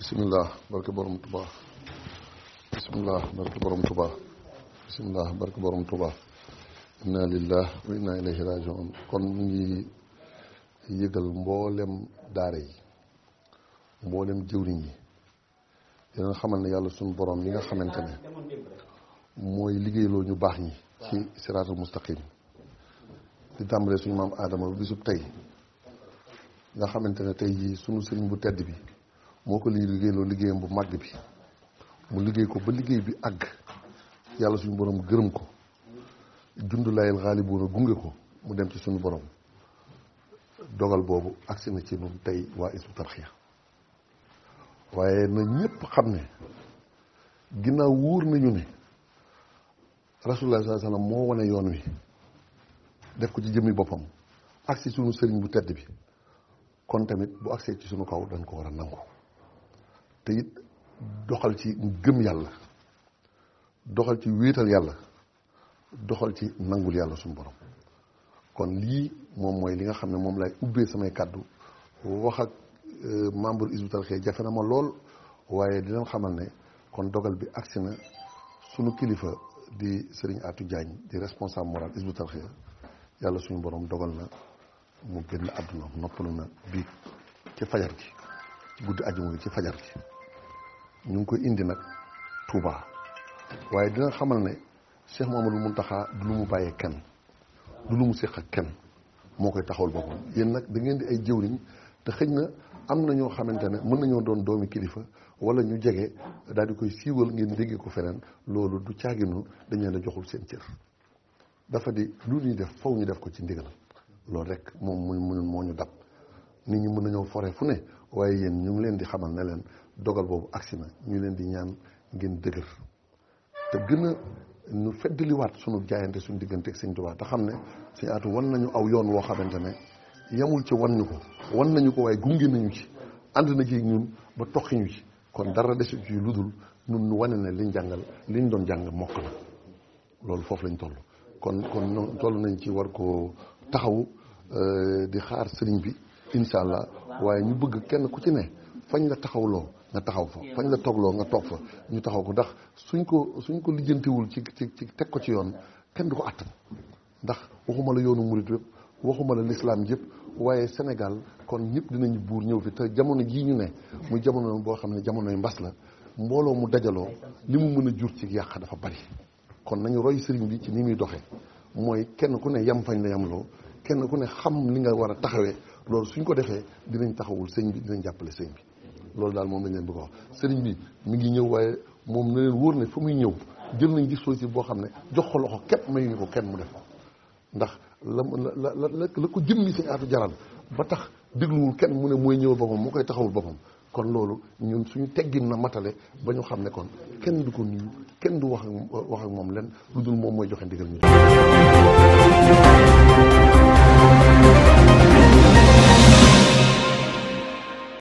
bisimilah barke borom Tuubaa bisimilah barke borom Tuubaa bisimilah barke borom Tuubaa inna lillah wa inna ilayhi rajiun kon mu ngi yëgal mboolem daara yi mboolem jëwriñ yi dinañ xamal ne yàlla suñu borom yi nga xamante ne mooy liggéeyloo ñu baax ñi ci siraatul mustaqim di tàmbalee suñu maam aadama bu bisub tey nga xamante ne tey jii suñu sëriñ bu tedd bi moo ko li liggéey liggéeyam bu màgg bi mu liggéey ko ba liggéey bi àgg yàlla suñu borom gërëm ko jundulaayil xaalibuuna gunge ko mu dem ci suñu borom dogal boobu agsi na ci nun tey waa Hizbut Tarqiyyah waaye na ñëpp xam ne ginnaaw wóor nañu ne rasulullah sallallahu alayhi moo wane yoon wi def ko ci jëmmi boppam agsi suñu sëriñ bu tedd bi kon tamit bu agsee ci suñu kaw dañ ko war a nangu te it doxal ci gëm yàlla doxal ci wéetal yàlla doxal ci nangul yàlla suñu borom kon lii moom mooy li nga xam ne moom lay ubbee samay kàddu wax ak euh, membre Hizbut Tarqiyyah jafe na ma lool waaye dinañ xamal ne kon dogal bi agsi na sunu kilifa di Serigne atu Diagne di responsable moral Hizbut Tarqiyyah yàlla suñu borom dogal na mu génn àdduna noppalu na biig ci fajar gi guddi àjjuma bi ci fajar gi ñu ngi koy indi nag Touba waaye dina xamal ne Cheikh Mouhamadou Mountakha du lu mu bàyyee kenn du lu mu séq ak kenn moo koy taxawal boppam yéen nag da ngeen di ay jëwriñ te xëj na am na ñoo xamante ne mën nañoo doon doomi kilifa wala ñu jege daal di koy siiwal ngeen déggee ko feneen loolu du caaginu dañ leen a joxul seen cër dafa di lu ñuy def faw ñu def ko ci ndigal loolu rek moom mu moo ñu dab nit ñi mën nañoo fore fu ne waaye yéen ñu leen di xamal ne leen dogal boobu agsi na ñu leen di ñaan ngeen dëgër te gën a ñu feddaliwaat suñu jaayante suñu diggante ak sëñ Tuubaa te xam ne sëñ Aatu wan nañu aw yoon woo xamante ne yemul ci wan ñu ko wan nañu ko waaye gunge nañu ci ànd na ci ñun ba toqi ñu ci kon dara desu ci lu dul ñun ñu wane ne liñ jàngal liñ doon jàng mokk na loolu foofu lañ toll kon kon toll nañ ci war ko taxawu euh, di xaar sëriñ bi incha allah waaye ñu bëgg kenn ku ci ne fañ la taxawloo nga taxaw fa fañ la toogloo nga toog fa ñu taxaw ko ndax suñ ko suñ ko lijjantiwul ci ci ci teg ko ci yoon kenn du ko àttan ndax waxuma la yoonu murit yëpp waxuma la lislaam yëpp waaye Sénégal kon ñëpp dinañ buur ñëw fi te jamono jii ñu ne mu jamono boo xam ne jamonoy mbas la mbooloo mu dajaloo li mu mën a jur ci yàq dafa bari kon nañu roy sëriñ bi ci ni muy doxee mooy kenn ku ne yam fañ la yamloo kenn ku ne xam li nga war a taxawee loolu suñ ko defee dinañ taxawul sëñ bi dinañ jàppale sëñ bi loolu daal moom lañ leen bëgg a wax sëriñ bi mi ngi ñëw waaye moom na leen wóor ne fa muy ñëw jël nañ dispositif boo xam ne jox ko loxo képp may ñu ko kenn mu def ko ndax la la la la ko jëmmi si aatu jaral ba tax dégluwul kenn mu ne mooy ñëw boppam moo koy taxawul boppam kon loolu ñun suñu teggin na matale ba ñu xam ne kon kenn du ko nuyu kenn du wax ak moom len lu dul moom mooy joxe ndigal ñu